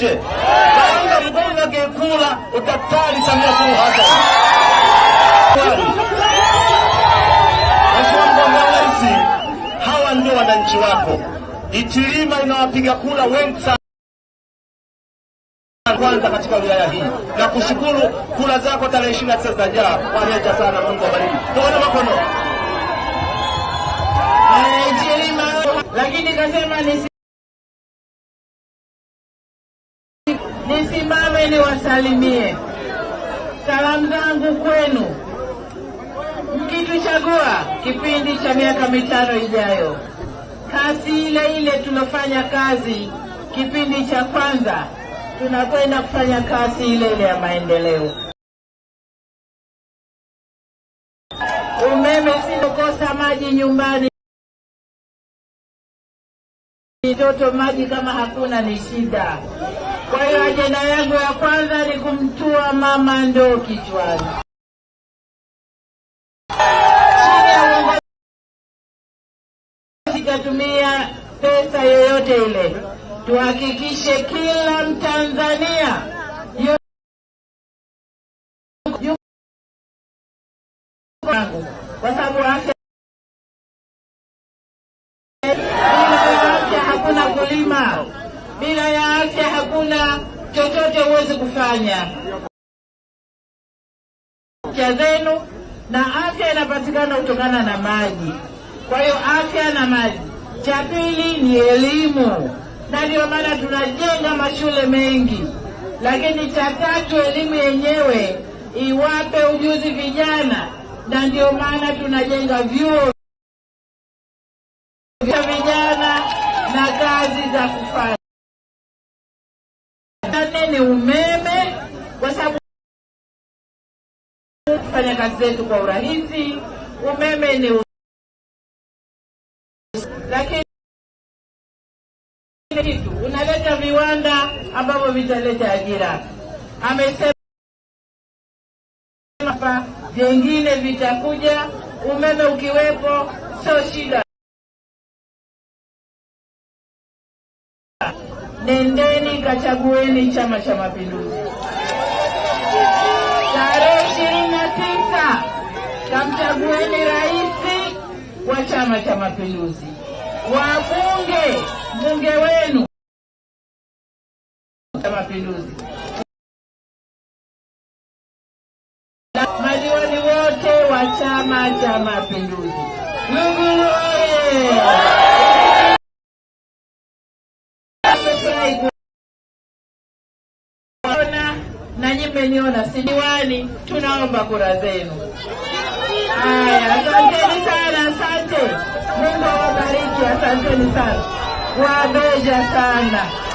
nje. Kama mbunge angekula udaktari Samia Suluhu Hassan. Mheshimiwa mgombea urais, hawa ndio wananchi wako. Itilima inawapiga kura wengi sana kwanza katika wilaya hii na kushukuru kula zako tarehe ishirini na tisa zitajaa waneja sana. Mungu awabariki. Tuone makono lakini kasema ni nisimame niwasalimie. Salamu zangu kwenu, mkituchagua kipindi cha miaka mitano ijayo, kazi ile ile tulofanya kazi kipindi cha kwanza, tunakwenda kufanya kazi ile ile ya maendeleo. Umeme sitokosa, maji nyumbani mtoto, maji kama hakuna ni shida. Kwa hiyo ajenda yangu ya kwanza ni kumtua mama ndoo kichwani. Chini pesa yoyote ile, tuhakikishe kila Mtanzania kwa sababu afya bila ya afya hakuna kulima, bila ya afya hakuna chochote huwezi kufanya cha zenu, na afya inapatikana kutokana na maji. Kwa hiyo afya na maji. Cha pili ni elimu, na ndio maana tunajenga mashule mengi. Lakini cha tatu, elimu yenyewe iwape ujuzi vijana, na ndio maana tunajenga vyuo umeme ni umeme, kwa sababu fanya kazi zetu kwa urahisi. Umeme ni Lakini kitu unaleta viwanda ambavyo vitaleta ajira, amesema hapa, jengine vitakuja. Umeme ukiwepo sio shida. nendeni kachagueni Chama cha Mapinduzi. Tarehe ishirini na tisa kamchagueni rais wa Chama cha Mapinduzi. Wabunge, mbunge wenu cha Mapinduzi, madiwani wote wa Chama cha Mapinduzi. Mungu oye! mmeniona si diwani, tunaomba kura zenu. Haya, asanteni sana, asante. Mungu awabariki, asanteni sana, wabeja sana.